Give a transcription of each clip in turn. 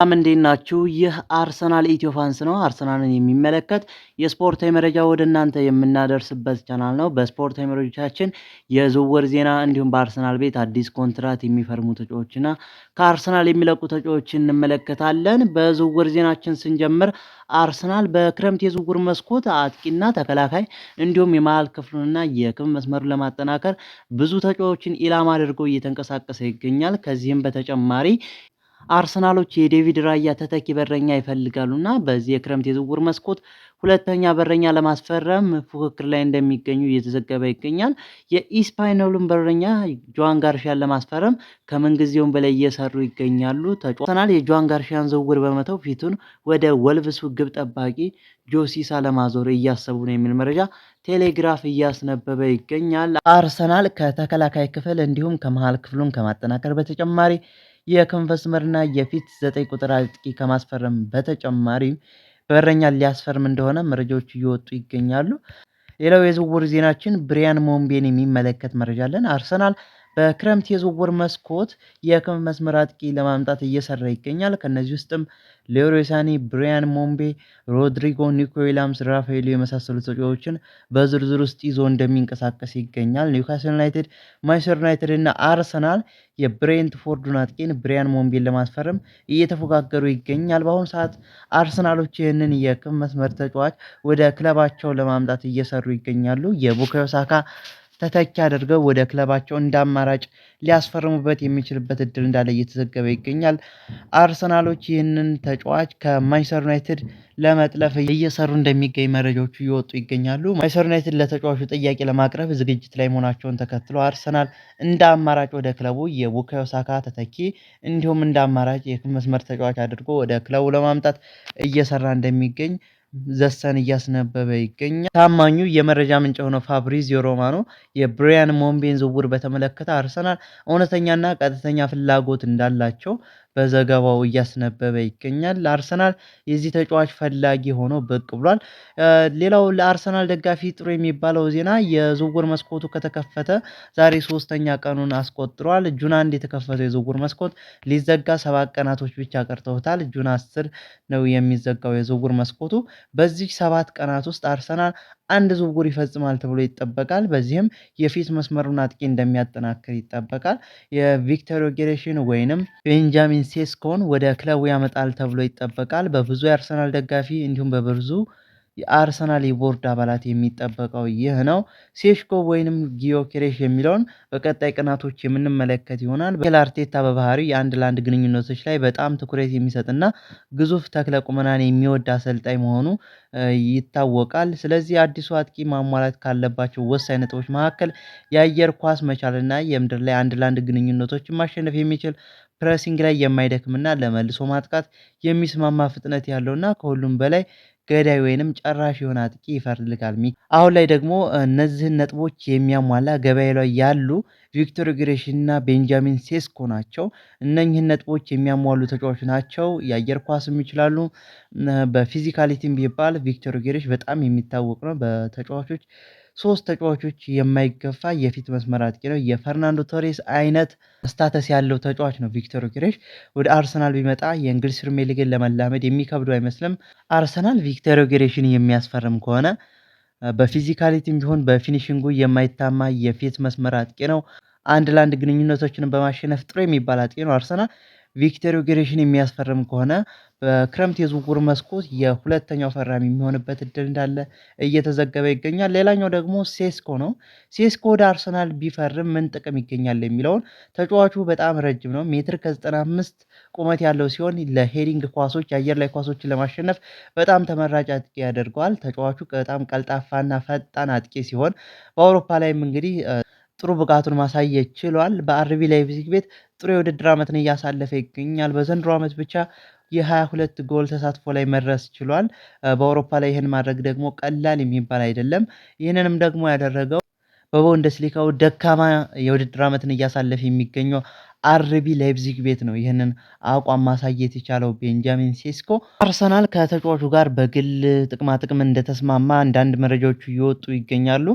ሰላም እንዴት ናችሁ? ይህ አርሰናል ኢትዮ ፋንስ ነው። አርሰናልን የሚመለከት የስፖርታዊ መረጃ ወደ እናንተ የምናደርስበት ቻናል ነው። በስፖርታዊ መረጃዎቻችን የዝውውር ዜና እንዲሁም በአርሰናል ቤት አዲስ ኮንትራት የሚፈርሙ ተጫዎችና ከአርሰናል የሚለቁ ተጫዎችን እንመለከታለን። በዝውውር ዜናችን ስንጀምር አርሰናል በክረምት የዝውውር መስኮት አጥቂና ተከላካይ እንዲሁም የመሃል ክፍሉንና የክብ መስመሩን ለማጠናከር ብዙ ተጫዎችን ኢላማ አድርጎ እየተንቀሳቀሰ ይገኛል። ከዚህም በተጨማሪ አርሰናሎች የዴቪድ ራያ ተተኪ በረኛ ይፈልጋሉ ይፈልጋሉና በዚህ የክረምት የዝውውር መስኮት ሁለተኛ በረኛ ለማስፈረም ፉክክር ላይ እንደሚገኙ እየተዘገበ ይገኛል። የኢስፓይኖሉን በረኛ ጆዋን ጋርሻን ለማስፈረም ከምንጊዜውም በላይ እየሰሩ ይገኛሉ። አርሰናል የጆዋን ጋርሻን ዝውውር በመተው ፊቱን ወደ ወልቭሱ ግብ ጠባቂ ጆሲሳ ለማዞር እያሰቡ ነው የሚል መረጃ ቴሌግራፍ እያስነበበ ይገኛል። አርሰናል ከተከላካይ ክፍል እንዲሁም ከመሃል ክፍሉን ከማጠናከር በተጨማሪ የክንፍ መስመርና የፊት ዘጠኝ ቁጥር አጥቂ ከማስፈረም በተጨማሪ በረኛ ሊያስፈርም እንደሆነ መረጃዎቹ እየወጡ ይገኛሉ። ሌላው የዝውውር ዜናችን ብሪያን ሞምቤን የሚመለከት መረጃ አለን። አርሰናል በክረምት የዝውውር መስኮት የክንፍ መስመር አጥቂ ለማምጣት እየሰራ ይገኛል። ከእነዚህ ውስጥም ሌሮይ ሳኔ፣ ብሪያን ሞምቤ፣ ሮድሪጎ፣ ኒኮ ዊሊያምስ፣ ራፋኤሉ የመሳሰሉ ተጫዋቾችን በዝርዝር ውስጥ ይዞ እንደሚንቀሳቀስ ይገኛል። ኒውካስል ዩናይትድ፣ ማንቸስተር ዩናይትድ እና አርሰናል የብሬንትፎርዱን አጥቂን ብሪያን ሞምቤን ለማስፈረም እየተፎካከሩ ይገኛል። በአሁኑ ሰዓት አርሰናሎች ይህንን የክንፍ መስመር ተጫዋች ወደ ክለባቸው ለማምጣት እየሰሩ ይገኛሉ። የቡካዮ ሳካ ተተኪ አድርገው ወደ ክለባቸው እንደ አማራጭ ሊያስፈርሙበት የሚችልበት እድል እንዳለ እየተዘገበ ይገኛል። አርሰናሎች ይህንን ተጫዋች ከማንችስተር ዩናይትድ ለመጥለፍ እየሰሩ እንደሚገኝ መረጃዎቹ እየወጡ ይገኛሉ። ማንችስተር ዩናይትድ ለተጫዋቹ ጥያቄ ለማቅረብ ዝግጅት ላይ መሆናቸውን ተከትሎ አርሰናል እንደ አማራጭ ወደ ክለቡ የቡካዮ ሳካ ተተኪ እንዲሁም እንደ አማራጭ የመስመር ተጫዋች አድርጎ ወደ ክለቡ ለማምጣት እየሰራ እንደሚገኝ ዘሰን እያስነበበ ይገኛል። ታማኙ የመረጃ ምንጭ የሆነው ፋብሪዚዮ ሮማኖ የብሪያን ሞምቤን ዝውውር በተመለከተ አርሰናል እውነተኛና ቀጥተኛ ፍላጎት እንዳላቸው በዘገባው እያስነበበ ይገኛል። ለአርሰናል የዚህ ተጫዋች ፈላጊ ሆኖ ብቅ ብሏል። ሌላው ለአርሰናል ደጋፊ ጥሩ የሚባለው ዜና የዝውውር መስኮቱ ከተከፈተ ዛሬ ሶስተኛ ቀኑን አስቆጥሯል። ጁን አንድ የተከፈተው የዝውውር መስኮት ሊዘጋ ሰባት ቀናቶች ብቻ ቀርተውታል። ጁን አስር ነው የሚዘጋው የዝውውር መስኮቱ። በዚህ ሰባት ቀናት ውስጥ አርሰናል አንድ ዝውውር ይፈጽማል ተብሎ ይጠበቃል። በዚህም የፊት መስመሩን አጥቂ እንደሚያጠናክር ይጠበቃል። የቪክተር ኦጌሬሽን ወይንም ቤንጃሚን ሴስኮን ወደ ክለቡ ያመጣል ተብሎ ይጠበቃል። በብዙ የአርሰናል ደጋፊ እንዲሁም በብርዙ የአርሰናል የቦርድ አባላት የሚጠበቀው ይህ ነው። ሴሽኮ ወይንም ጊዮኬሬሽ የሚለውን በቀጣይ ቅናቶች የምንመለከት ይሆናል። ሚኬል አርቴታ በባህሪው የአንድ ለአንድ ግንኙነቶች ላይ በጣም ትኩረት የሚሰጥና ግዙፍ ተክለ ቁመናን የሚወድ አሰልጣኝ መሆኑ ይታወቃል። ስለዚህ አዲሱ አጥቂ ማሟላት ካለባቸው ወሳኝ ነጥቦች መካከል የአየር ኳስ መቻልና የምድር ላይ አንድ ለአንድ ግንኙነቶችን ማሸነፍ የሚችል ፕሬሲንግ ላይ የማይደክምና ለመልሶ ማጥቃት የሚስማማ ፍጥነት ያለውና ከሁሉም በላይ ገዳይ ወይንም ጨራሽ የሆነ አጥቂ ይፈልጋል። አሁን ላይ ደግሞ እነዚህን ነጥቦች የሚያሟላ ገበያ ላይ ያሉ ቪክቶር ግሬሽ እና ቤንጃሚን ሴስኮ ናቸው። እነኚህን ነጥቦች የሚያሟሉ ተጫዋች ናቸው። የአየር ኳስም ይችላሉ። በፊዚካሊቲም ቢባል ቪክቶር ግሬሽ በጣም የሚታወቅ ነው። በተጫዋቾች ሶስት ተጫዋቾች የማይገፋ የፊት መስመር አጥቂ ነው። የፈርናንዶ ቶሬስ አይነት ስታተስ ያለው ተጫዋች ነው ቪክቶር ዮኬሬሽ። ወደ አርሰናል ቢመጣ የእንግሊዝ ፕሪሚየር ሊግን ለመላመድ የሚከብዱ አይመስልም። አርሰናል ቪክቶር ዮኬሬሽን የሚያስፈርም ከሆነ በፊዚካሊቲም ቢሆን በፊኒሽንጉ የማይታማ የፊት መስመር አጥቂ ነው። አንድ ለአንድ ግንኙነቶችንም በማሸነፍ ጥሩ የሚባል አጥቂ ነው አርሰናል ቪክተር ዮኬሬሽን የሚያስፈርም ከሆነ በክረምት የዝውውር መስኮት የሁለተኛው ፈራሚ የሚሆንበት እድል እንዳለ እየተዘገበ ይገኛል። ሌላኛው ደግሞ ሴስኮ ነው። ሴስኮ ወደ አርሰናል ቢፈርም ምን ጥቅም ይገኛል የሚለውን ተጫዋቹ በጣም ረጅም ነው። ሜትር ከ95 ቁመት ያለው ሲሆን ለሄዲንግ ኳሶች፣ የአየር ላይ ኳሶችን ለማሸነፍ በጣም ተመራጭ አጥቂ ያደርገዋል። ተጫዋቹ በጣም ቀልጣፋና ፈጣን አጥቂ ሲሆን በአውሮፓ ላይም እንግዲህ ጥሩ ብቃቱን ማሳየት ችሏል። በአርቢ ላይፕዚግ ቤት ጥሩ የውድድር ዓመትን እያሳለፈ ይገኛል። በዘንድሮ ዓመት ብቻ የ22 ጎል ተሳትፎ ላይ መድረስ ችሏል። በአውሮፓ ላይ ይህን ማድረግ ደግሞ ቀላል የሚባል አይደለም። ይህንንም ደግሞ ያደረገው በቦንደስሊካው ደካማ የውድድር ዓመትን እያሳለፈ የሚገኘው አርቢ ላይፕዚግ ቤት ነው ይህንን አቋም ማሳየት የቻለው ቤንጃሚን ሴስኮ። አርሰናል ከተጫዋቹ ጋር በግል ጥቅማ ጥቅም እንደተስማማ አንዳንድ መረጃዎቹ እየወጡ ይገኛሉ።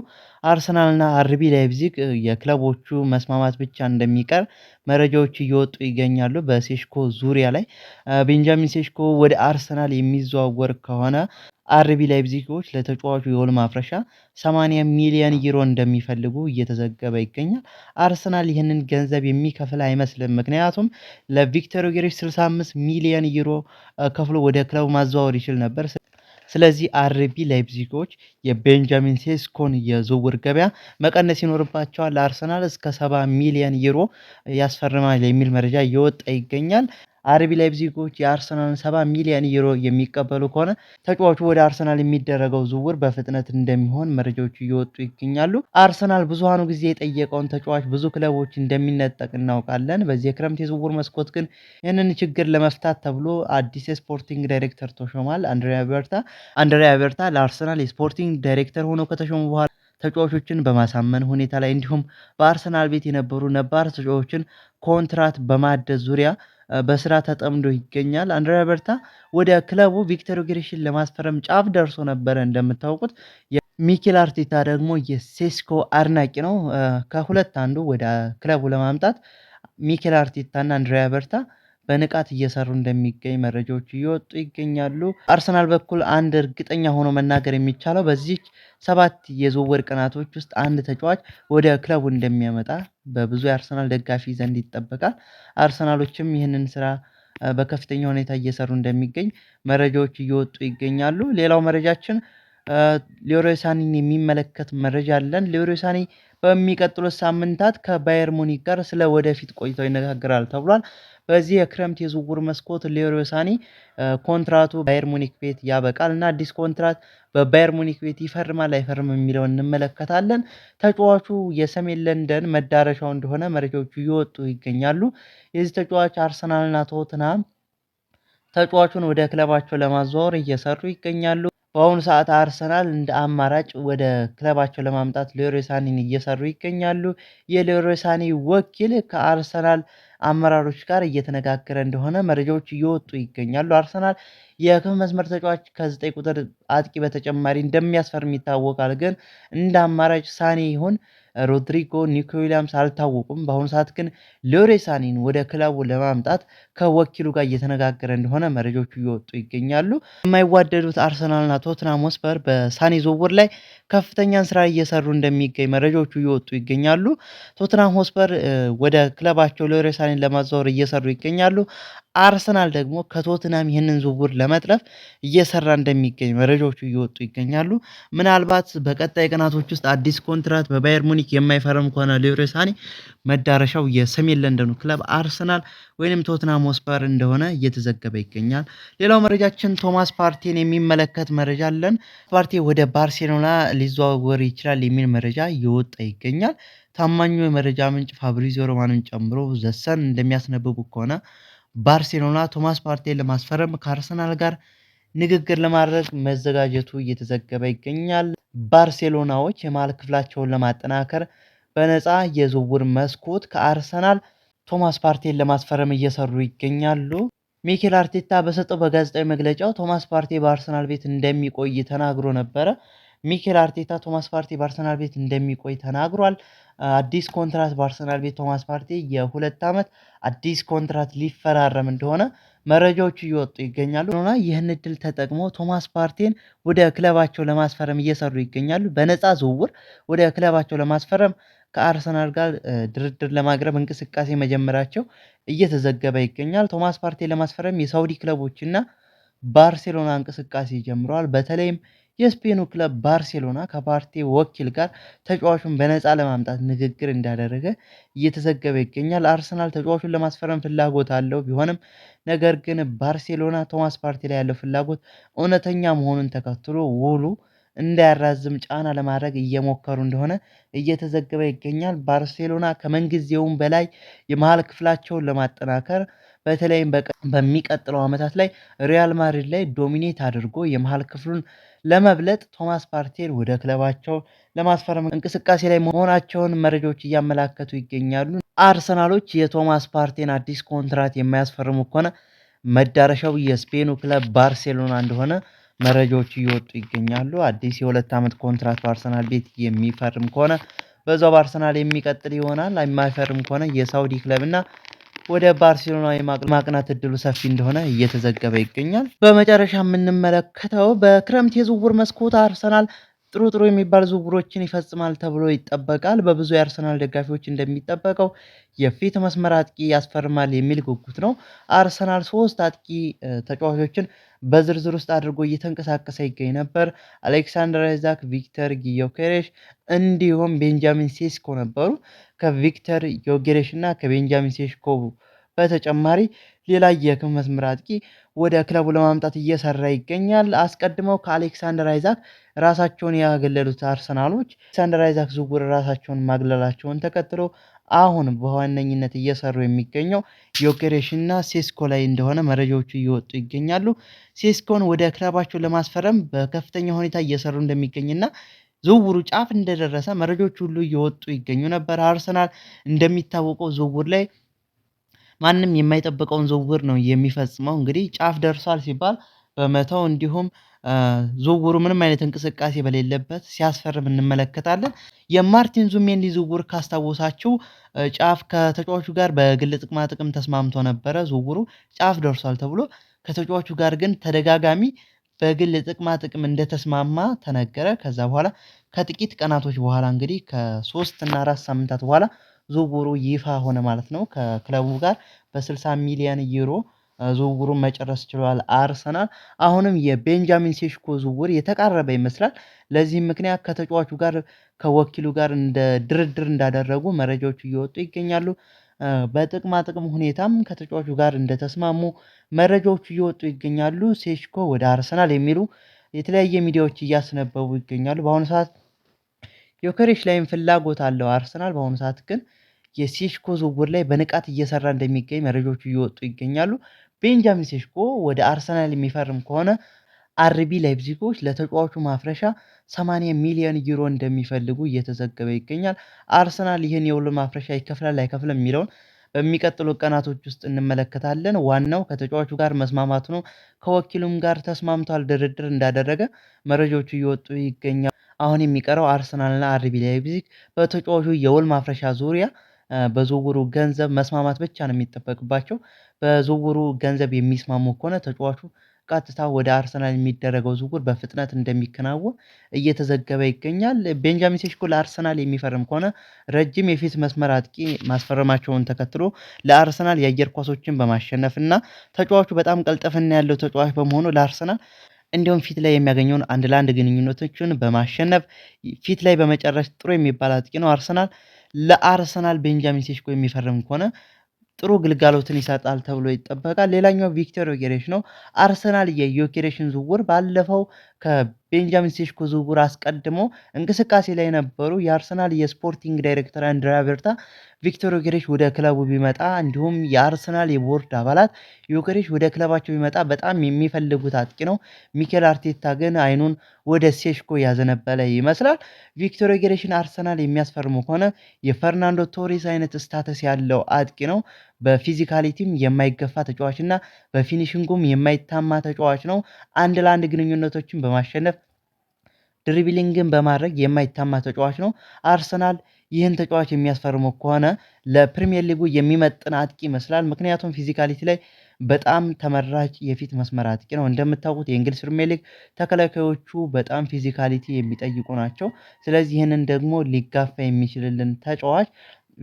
አርሰናልና አርቢ ላይፕዚግ የክለቦቹ መስማማት ብቻ እንደሚቀር መረጃዎች እየወጡ ይገኛሉ። በሴሽኮ ዙሪያ ላይ ቤንጃሚን ሴሽኮ ወደ አርሰናል የሚዘዋወር ከሆነ አርቢ ላይፕዚጎች ለተጫዋቹ የጎል ማፍረሻ 80 ሚሊዮን ዩሮ እንደሚፈልጉ እየተዘገበ ይገኛል። አርሰናል ይህንን ገንዘብ የሚከፍል አይመስልም። ምክንያቱም ለቪክተር ዮኬሬሽ 65 ሚሊዮን ዩሮ ከፍሎ ወደ ክለቡ ማዘዋወር ይችል ነበር። ስለዚህ አርቢ ላይፕዚጎች የቤንጃሚን ሴስኮን የዝውውር ገበያ መቀነስ ይኖርባቸዋል። አርሰናል እስከ 70 ሚሊዮን ዩሮ ያስፈርማል የሚል መረጃ እየወጣ ይገኛል። አርቢ ላይፕዚጎች የአርሰናልን ሰባ ሚሊዮን ዩሮ የሚቀበሉ ከሆነ ተጫዋቹ ወደ አርሰናል የሚደረገው ዝውውር በፍጥነት እንደሚሆን መረጃዎች እየወጡ ይገኛሉ። አርሰናል ብዙሃኑ ጊዜ የጠየቀውን ተጫዋች ብዙ ክለቦች እንደሚነጠቅ እናውቃለን። በዚህ የክረምት የዝውውር መስኮት ግን ይህንን ችግር ለመፍታት ተብሎ አዲስ የስፖርቲንግ ዳይሬክተር ተሾሟል። አንድሪያ በርታ አንድሪያ በርታ ለአርሰናል የስፖርቲንግ ዳይሬክተር ሆኖ ከተሾሙ በኋላ ተጫዋቾችን በማሳመን ሁኔታ ላይ እንዲሁም በአርሰናል ቤት የነበሩ ነባር ተጫዋቾችን ኮንትራት በማደስ ዙሪያ በስራ ተጠምዶ ይገኛል። አንድሪያ በርታ ወደ ክለቡ ቪክተር ግሪሽን ለማስፈረም ጫፍ ደርሶ ነበረ። እንደምታውቁት ሚኬል አርቴታ ደግሞ የሴስኮ አድናቂ ነው። ከሁለት አንዱ ወደ ክለቡ ለማምጣት ሚኬል አርቴታና አንድሪያ በርታ በንቃት እየሰሩ እንደሚገኝ መረጃዎች እየወጡ ይገኛሉ። አርሰናል በኩል አንድ እርግጠኛ ሆኖ መናገር የሚቻለው በዚህ ሰባት የዝውውር ቀናቶች ውስጥ አንድ ተጫዋች ወደ ክለቡ እንደሚያመጣ በብዙ የአርሰናል ደጋፊ ዘንድ ይጠበቃል። አርሰናሎችም ይህንን ስራ በከፍተኛ ሁኔታ እየሰሩ እንደሚገኝ መረጃዎች እየወጡ ይገኛሉ። ሌላው መረጃችን ሌሮይ ሳኒን የሚመለከት መረጃ አለን። ሌሮይ ሳኒ በሚቀጥሉት ሳምንታት ከባየር ሙኒክ ጋር ስለ ወደፊት ቆይታው ይነጋገራል ተብሏል። በዚህ የክረምት የዝውውር መስኮት ሌሮይ ሳኔ ኮንትራቱ ባየር ሙኒክ ቤት ያበቃል እና አዲስ ኮንትራት በባየር ሙኒክ ቤት ይፈርማል አይፈርም የሚለውን እንመለከታለን። ተጫዋቹ የሰሜን ለንደን መዳረሻው እንደሆነ መረጃዎቹ እየወጡ ይገኛሉ። የዚህ ተጫዋች አርሰናልና ቶትናም ተጫዋቹን ወደ ክለባቸው ለማዘዋወር እየሰሩ ይገኛሉ። በአሁኑ ሰዓት አርሰናል እንደ አማራጭ ወደ ክለባቸው ለማምጣት ሌሮይ ሳኔን እየሰሩ ይገኛሉ። የሌሮይ ሳኔ ወኪል ከአርሰናል አመራሮች ጋር እየተነጋገረ እንደሆነ መረጃዎች እየወጡ ይገኛሉ። አርሰናል የክፍ መስመር ተጫዋች ከዘጠኝ ቁጥር አጥቂ በተጨማሪ እንደሚያስፈርም ይታወቃል። ግን እንደ አማራጭ ሳኔ ይሁን ሮድሪጎ ኒኮ ዊሊያምስ አልታወቁም። በአሁኑ ሰዓት ግን ሎሬሳኒን ወደ ክለቡ ለማምጣት ከወኪሉ ጋር እየተነጋገረ እንደሆነ መረጃዎቹ እየወጡ ይገኛሉ። የማይዋደዱት አርሰናልና ቶትናም ሆስፐር በሳኒ ዝውውር ላይ ከፍተኛን ስራ እየሰሩ እንደሚገኝ መረጃዎቹ እየወጡ ይገኛሉ። ቶትናም ሆስፐር ወደ ክለባቸው ሎሬሳኒን ለማዛወር እየሰሩ ይገኛሉ። አርሰናል ደግሞ ከቶትናም ይህንን ዝውውር ለመጥለፍ እየሰራ እንደሚገኝ መረጃዎቹ እየወጡ ይገኛሉ። ምናልባት በቀጣይ ቀናቶች ውስጥ አዲስ ኮንትራት በባየር ሙኒክ የማይፈርም ከሆነ ሌሮይ ሳኔ መዳረሻው የሰሜን ለንደኑ ክለብ አርሰናል ወይም ቶትናም ሆስፐር እንደሆነ እየተዘገበ ይገኛል። ሌላው መረጃችን ቶማስ ፓርቲን የሚመለከት መረጃ አለን። ፓርቲ ወደ ባርሴሎና ሊዘዋወር ይችላል የሚል መረጃ እየወጣ ይገኛል። ታማኙ የመረጃ ምንጭ ፋብሪዚዮ ሮማንን ጨምሮ ዘሰን እንደሚያስነብቡ ከሆነ ባርሴሎና ቶማስ ፓርቴ ለማስፈረም ከአርሰናል ጋር ንግግር ለማድረግ መዘጋጀቱ እየተዘገበ ይገኛል። ባርሴሎናዎች የመሃል ክፍላቸውን ለማጠናከር በነፃ የዝውውር መስኮት ከአርሰናል ቶማስ ፓርቴን ለማስፈረም እየሰሩ ይገኛሉ። ሚኬል አርቴታ በሰጠው በጋዜጣዊ መግለጫው ቶማስ ፓርቴ በአርሰናል ቤት እንደሚቆይ ተናግሮ ነበረ። ሚኬል አርቴታ ቶማስ ፓርቲ በአርሰናል ቤት እንደሚቆይ ተናግሯል። አዲስ ኮንትራት በአርሰናል ቤት ቶማስ ፓርቲ የሁለት ዓመት አዲስ ኮንትራት ሊፈራረም እንደሆነ መረጃዎቹ እየወጡ ይገኛሉ እና ይህን እድል ተጠቅሞ ቶማስ ፓርቲን ወደ ክለባቸው ለማስፈረም እየሰሩ ይገኛሉ። በነፃ ዝውውር ወደ ክለባቸው ለማስፈረም ከአርሰናል ጋር ድርድር ለማቅረብ እንቅስቃሴ መጀመራቸው እየተዘገበ ይገኛል። ቶማስ ፓርቲን ለማስፈረም የሳውዲ ክለቦችና ባርሴሎና እንቅስቃሴ ጀምረዋል። በተለይም የስፔኑ ክለብ ባርሴሎና ከፓርቴ ወኪል ጋር ተጫዋቹን በነፃ ለማምጣት ንግግር እንዳደረገ እየተዘገበ ይገኛል። አርሰናል ተጫዋቹን ለማስፈረም ፍላጎት አለው ቢሆንም ነገር ግን ባርሴሎና ቶማስ ፓርቲ ላይ ያለው ፍላጎት እውነተኛ መሆኑን ተከትሎ ውሉ እንዳያራዝም ጫና ለማድረግ እየሞከሩ እንደሆነ እየተዘገበ ይገኛል። ባርሴሎና ከመንጊዜውም በላይ የመሃል ክፍላቸውን ለማጠናከር በተለይም በሚቀጥለው ዓመታት ላይ ሪያል ማድሪድ ላይ ዶሚኔት አድርጎ የመሃል ክፍሉን ለመብለጥ ቶማስ ፓርቴን ወደ ክለባቸው ለማስፈረም እንቅስቃሴ ላይ መሆናቸውን መረጃዎች እያመላከቱ ይገኛሉ። አርሰናሎች የቶማስ ፓርቴን አዲስ ኮንትራት የማያስፈርሙ ከሆነ መዳረሻው የስፔኑ ክለብ ባርሴሎና እንደሆነ መረጃዎች እየወጡ ይገኛሉ። አዲስ የሁለት ዓመት ኮንትራት በአርሰናል ቤት የሚፈርም ከሆነ በዛው በአርሰናል የሚቀጥል ይሆናል። የማይፈርም ከሆነ የሳውዲ ክለብና ወደ ባርሴሎና የማቅናት እድሉ ሰፊ እንደሆነ እየተዘገበ ይገኛል። በመጨረሻ የምንመለከተው በክረምት የዝውውር መስኮት አርሰናል ጥሩ ጥሩ የሚባል ዝውውሮችን ይፈጽማል ተብሎ ይጠበቃል። በብዙ የአርሰናል ደጋፊዎች እንደሚጠበቀው የፊት መስመር አጥቂ ያስፈርማል የሚል ጉጉት ነው። አርሰናል ሶስት አጥቂ ተጫዋቾችን በዝርዝር ውስጥ አድርጎ እየተንቀሳቀሰ ይገኝ ነበር። አሌክሳንደር አይዛክ፣ ቪክተር ጊዮኬሬሽ እንዲሁም ቤንጃሚን ሴስኮ ነበሩ። ከቪክተር ጊዮኬሬሽ እና ከቤንጃሚን ሴስኮ በተጨማሪ ሌላ የክፍ መስመር አጥቂ ወደ ክለቡ ለማምጣት እየሰራ ይገኛል። አስቀድመው ከአሌክሳንደር አይዛክ ራሳቸውን ያገለሉት አርሰናሎች ሳንድራ አይዛክ ዝውውር ራሳቸውን ማግለላቸውን ተከትሎ አሁን በዋነኝነት እየሰሩ የሚገኘው ዮኬሬሽ እና ሴስኮ ላይ እንደሆነ መረጃዎቹ እየወጡ ይገኛሉ። ሴስኮን ወደ ክለባቸው ለማስፈረም በከፍተኛ ሁኔታ እየሰሩ እንደሚገኝና ዝውውሩ ጫፍ እንደደረሰ መረጃዎች ሁሉ እየወጡ ይገኙ ነበር። አርሰናል እንደሚታወቀው ዝውውር ላይ ማንም የማይጠብቀውን ዝውውር ነው የሚፈጽመው። እንግዲህ ጫፍ ደርሷል ሲባል በመተው እንዲሁም ዝውውሩ ምንም አይነት እንቅስቃሴ በሌለበት ሲያስፈርም እንመለከታለን። የማርቲን ዙሜንዲ ዝውውር ካስታወሳችሁ ጫፍ ከተጫዋቹ ጋር በግል ጥቅማ ጥቅም ተስማምቶ ነበረ። ዝውውሩ ጫፍ ደርሷል ተብሎ ከተጫዋቹ ጋር ግን ተደጋጋሚ በግል ጥቅማ ጥቅም እንደተስማማ ተነገረ። ከዛ በኋላ ከጥቂት ቀናቶች በኋላ እንግዲህ ከሶስት እና አራት ሳምንታት በኋላ ዝውውሩ ይፋ ሆነ ማለት ነው። ከክለቡ ጋር በ60 ሚሊዮን ዩሮ ዝውውሩን መጨረስ ችሏል። አርሰናል አሁንም የቤንጃሚን ሴሽኮ ዝውውር የተቃረበ ይመስላል። ለዚህም ምክንያት ከተጫዋቹ ጋር ከወኪሉ ጋር እንደ ድርድር እንዳደረጉ መረጃዎቹ እየወጡ ይገኛሉ። በጥቅማ ጥቅም ሁኔታም ከተጫዋቹ ጋር እንደተስማሙ መረጃዎቹ እየወጡ ይገኛሉ። ሴሽኮ ወደ አርሰናል የሚሉ የተለያየ ሚዲያዎች እያስነበቡ ይገኛሉ። በአሁኑ ሰዓት ዮከሬሽ ላይም ፍላጎት አለው አርሰናል። በአሁኑ ሰዓት ግን የሴሽኮ ዝውውር ላይ በንቃት እየሰራ እንደሚገኝ መረጃዎቹ እየወጡ ይገኛሉ። ቤንጃሚን ሴሽኮ ወደ አርሰናል የሚፈርም ከሆነ አርቢ ላይፕዚጎች ለተጫዋቹ ማፍረሻ 80 ሚሊዮን ዩሮ እንደሚፈልጉ እየተዘገበ ይገኛል። አርሰናል ይህን የውል ማፍረሻ ይከፍላል አይከፍልም የሚለውን በሚቀጥሉ ቀናቶች ውስጥ እንመለከታለን። ዋናው ከተጫዋቹ ጋር መስማማቱ ነው። ከወኪሉም ጋር ተስማምቷል፣ ድርድር እንዳደረገ መረጃዎቹ እየወጡ ይገኛል። አሁን የሚቀረው አርሰናልና አርቢ ላይፕዚግ በተጫዋቹ የውል ማፍረሻ ዙሪያ በዝውውሩ ገንዘብ መስማማት ብቻ ነው የሚጠበቅባቸው። በዝውውሩ ገንዘብ የሚስማሙ ከሆነ ተጫዋቹ ቀጥታ ወደ አርሰናል የሚደረገው ዝውውር በፍጥነት እንደሚከናወን እየተዘገበ ይገኛል። ቤንጃሚን ሴሽኮ ለአርሰናል የሚፈርም ከሆነ ረጅም የፊት መስመር አጥቂ ማስፈረማቸውን ተከትሎ ለአርሰናል የአየር ኳሶችን በማሸነፍ እና ተጫዋቹ በጣም ቀልጠፍና ያለው ተጫዋች በመሆኑ ለአርሰናል እንዲሁም ፊት ላይ የሚያገኘውን አንድ ለአንድ ግንኙነቶችን በማሸነፍ ፊት ላይ በመጨረስ ጥሩ የሚባል አጥቂ ነው አርሰናል ለአርሰናል ቤንጃሚን ሴሽኮ የሚፈርም ከሆነ ጥሩ ግልጋሎትን ይሰጣል ተብሎ ይጠበቃል። ሌላኛው ቪክቶር ዮኬሬሽ ነው። አርሰናል የዮኬሬሽን ዝውውር ባለፈው ከቤንጃሚን ሴሽኮ ዝውውር አስቀድሞ እንቅስቃሴ ላይ ነበሩ። የአርሰናል የስፖርቲንግ ዳይሬክተር አንድሪያ ቤርታ ቪክቶር ዮኬሬሽ ወደ ክለቡ ቢመጣ እንዲሁም የአርሰናል የቦርድ አባላት ዮኬሬሽ ወደ ክለባቸው ቢመጣ በጣም የሚፈልጉት አጥቂ ነው። ሚኬል አርቴታ ግን አይኑን ወደ ሴሽኮ ያዘነበለ ይመስላል። ቪክቶር ዮኬሬሽን አርሰናል የሚያስፈርሙ ከሆነ የፈርናንዶ ቶሬስ አይነት ስታተስ ያለው አጥቂ ነው። በፊዚካሊቲም የማይገፋ ተጫዋች እና በፊኒሽንጉም የማይታማ ተጫዋች ነው። አንድ ለአንድ ግንኙነቶችን በማሸነፍ ድሪቢሊንግን በማድረግ የማይታማ ተጫዋች ነው። አርሰናል ይህን ተጫዋች የሚያስፈርመው ከሆነ ለፕሪሚየር ሊጉ የሚመጥን አጥቂ ይመስላል። ምክንያቱም ፊዚካሊቲ ላይ በጣም ተመራጭ የፊት መስመር አጥቂ ነው። እንደምታውቁት የእንግሊዝ ፕሪሚየር ሊግ ተከላካዮቹ በጣም ፊዚካሊቲ የሚጠይቁ ናቸው። ስለዚህ ይህንን ደግሞ ሊጋፋ የሚችልልን ተጫዋች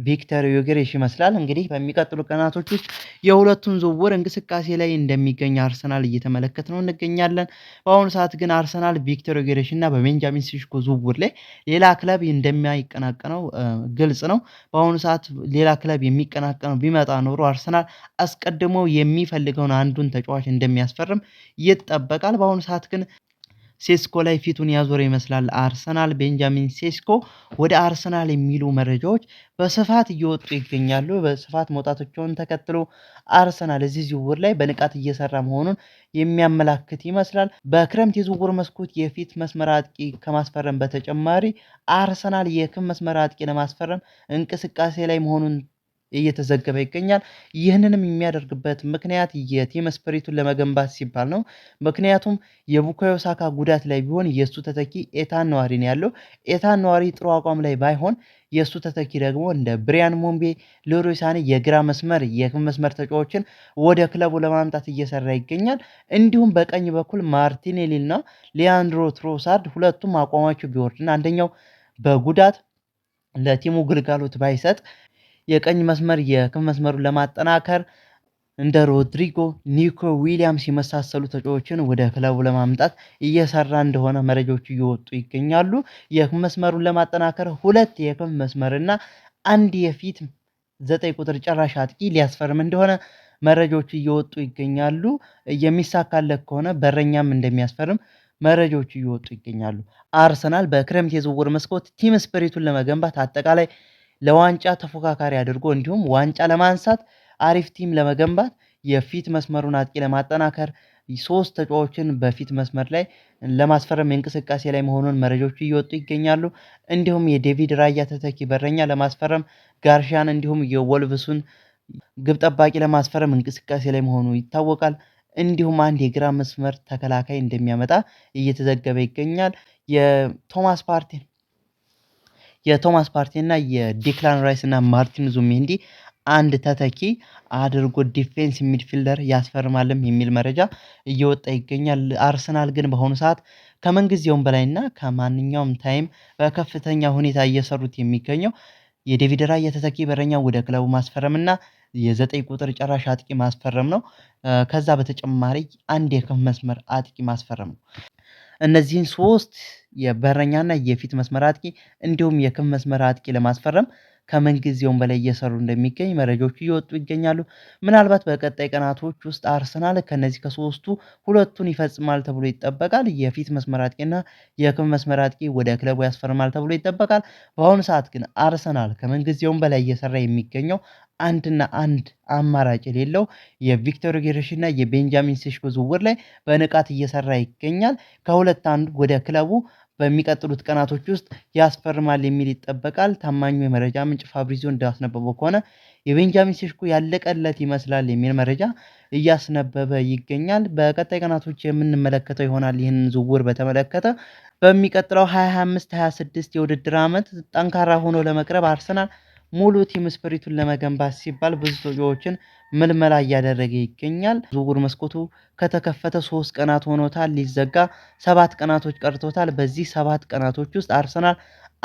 ቪክተር ዮኬሬሽ ይመስላል እንግዲህ በሚቀጥሉ ቀናቶች ውስጥ የሁለቱን ዝውውር እንቅስቃሴ ላይ እንደሚገኝ አርሰናል እየተመለከት ነው እንገኛለን። በአሁኑ ሰዓት ግን አርሰናል ቪክተር ዮኬሬሽ እና በቤንጃሚን ሲሽኮ ዝውውር ላይ ሌላ ክለብ እንደማይቀናቀነው ግልጽ ነው። በአሁኑ ሰዓት ሌላ ክለብ የሚቀናቀነው ቢመጣ ኖሮ አርሰናል አስቀድሞ የሚፈልገውን አንዱን ተጫዋች እንደሚያስፈርም ይጠበቃል። በአሁኑ ሰዓት ግን ሴስኮ ላይ ፊቱን ያዞረ ይመስላል። አርሰናል ቤንጃሚን ሴስኮ ወደ አርሰናል የሚሉ መረጃዎች በስፋት እየወጡ ይገኛሉ። በስፋት መውጣቶቸውን ተከትሎ አርሰናል እዚህ ዝውውር ላይ በንቃት እየሰራ መሆኑን የሚያመላክት ይመስላል። በክረምት የዝውውር መስኮት የፊት መስመር አጥቂ ከማስፈረም በተጨማሪ አርሰናል የክም መስመር አጥቂ ለማስፈረም እንቅስቃሴ ላይ መሆኑን እየተዘገበ ይገኛል። ይህንንም የሚያደርግበት ምክንያት የቲም ስፕሪቱን ለመገንባት ሲባል ነው። ምክንያቱም የቡካዮ ሳካ ጉዳት ላይ ቢሆን የእሱ ተተኪ ኤታን ነዋሪ ነው ያለው። ኤታን ነዋሪ ጥሩ አቋም ላይ ባይሆን የእሱ ተተኪ ደግሞ እንደ ብሪያን ሞምቤ፣ ሌሮይ ሳኔ የግራ መስመር መስመር ተጫዋቾችን ወደ ክለቡ ለማምጣት እየሰራ ይገኛል። እንዲሁም በቀኝ በኩል ማርቲኔሊ እና ሊያንድሮ ትሮሳርድ ሁለቱም አቋማቸው ቢወርድና አንደኛው በጉዳት ለቲሙ ግልጋሎት ባይሰጥ የቀኝ መስመር የክንፍ መስመሩን ለማጠናከር እንደ ሮድሪጎ ኒኮ ዊሊያምስ የመሳሰሉ ተጫዋቾችን ወደ ክለቡ ለማምጣት እየሰራ እንደሆነ መረጃዎች እየወጡ ይገኛሉ። የክንፍ መስመሩን ለማጠናከር ሁለት የክንፍ መስመር እና አንድ የፊት ዘጠኝ ቁጥር ጨራሽ አጥቂ ሊያስፈርም እንደሆነ መረጃዎች እየወጡ ይገኛሉ። የሚሳካለት ከሆነ በረኛም እንደሚያስፈርም መረጃዎች እየወጡ ይገኛሉ። አርሰናል በክረምት የዝውውር መስኮት ቲም ስፕሪቱን ለመገንባት አጠቃላይ ለዋንጫ ተፎካካሪ አድርጎ እንዲሁም ዋንጫ ለማንሳት አሪፍ ቲም ለመገንባት የፊት መስመሩን አጥቂ ለማጠናከር ሶስት ተጫዋቾችን በፊት መስመር ላይ ለማስፈረም እንቅስቃሴ ላይ መሆኑን መረጃዎቹ እየወጡ ይገኛሉ። እንዲሁም የዴቪድ ራያ ተተኪ በረኛ ለማስፈረም ጋርሻን እንዲሁም የወልቭሱን ግብ ጠባቂ ለማስፈረም እንቅስቃሴ ላይ መሆኑ ይታወቃል። እንዲሁም አንድ የግራ መስመር ተከላካይ እንደሚያመጣ እየተዘገበ ይገኛል። የቶማስ ፓርቲን የቶማስ ፓርቲ እና የዲክላን ራይስ እና ማርቲን ዙሜንዲ አንድ ተተኪ አድርጎ ዲፌንስ ሚድፊልደር ያስፈርማልም የሚል መረጃ እየወጣ ይገኛል። አርሰናል ግን በአሁኑ ሰዓት ከመንግዜውም በላይና ከማንኛውም ታይም በከፍተኛ ሁኔታ እየሰሩት የሚገኘው የዴቪድ ራያ ተተኪ በረኛ ወደ ክለቡ ማስፈረምና የዘጠኝ ቁጥር ጨራሽ አጥቂ ማስፈረም ነው። ከዛ በተጨማሪ አንድ የክፍ መስመር አጥቂ ማስፈረም ነው። እነዚህን ሶስት የበረኛና የፊት መስመር አጥቂ እንዲሁም የክንፍ መስመር አጥቂ ለማስፈረም ከምንጊዜውም በላይ እየሰሩ እንደሚገኝ መረጃዎች እየወጡ ይገኛሉ። ምናልባት በቀጣይ ቀናቶች ውስጥ አርሰናል ከነዚህ ከሶስቱ ሁለቱን ይፈጽማል ተብሎ ይጠበቃል። የፊት መስመር አጥቂና የክንፍ መስመር አጥቂ ወደ ክለቡ ያስፈርማል ተብሎ ይጠበቃል። በአሁኑ ሰዓት ግን አርሰናል ከምንጊዜውም በላይ እየሰራ የሚገኘው አንድና አንድ አማራጭ የሌለው የቪክቶር እና የቤንጃሚን ሴሽኮ ዝውውር ላይ በንቃት እየሰራ ይገኛል። ከሁለት አንዱ ወደ ክለቡ በሚቀጥሉት ቀናቶች ውስጥ ያስፈርማል የሚል ይጠበቃል። ታማኙ የመረጃ ምንጭ ፋብሪዚዮ እንዳስነበበው ከሆነ የቤንጃሚን ሴስኮ ያለቀለት ይመስላል የሚል መረጃ እያስነበበ ይገኛል። በቀጣይ ቀናቶች የምንመለከተው ይሆናል። ይህንን ዝውውር በተመለከተ በሚቀጥለው 25 26 የውድድር ዓመት ጠንካራ ሆኖ ለመቅረብ አርሰናል ሙሉ ቲም ስፕሪቱን ለመገንባት ሲባል ብዙ ተጫዋቾችን ምልመላ እያደረገ ይገኛል። ዝውውር መስኮቱ ከተከፈተ ሶስት ቀናት ሆኖታል። ሊዘጋ ሰባት ቀናቶች ቀርቶታል። በዚህ ሰባት ቀናቶች ውስጥ አርሰናል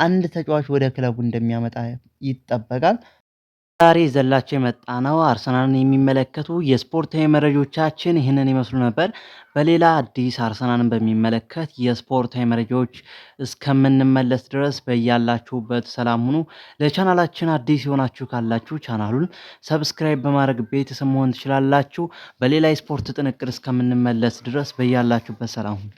አንድ ተጫዋች ወደ ክለቡ እንደሚያመጣ ይጠበቃል። ዛሬ ይዘላቸው የመጣ ነው አርሰናልን የሚመለከቱ የስፖርታዊ መረጃዎቻችን ይህንን ይመስሉ ነበር። በሌላ አዲስ አርሰናልን በሚመለከት የስፖርታዊ መረጃዎች እስከምንመለስ ድረስ በያላችሁበት ሰላም ሁኑ። ለቻናላችን አዲስ የሆናችሁ ካላችሁ ቻናሉን ሰብስክራይብ በማድረግ ቤተሰብ መሆን ትችላላችሁ። በሌላ የስፖርት ጥንቅር እስከምንመለስ ድረስ በያላችሁበት ሰላም ሁኑ።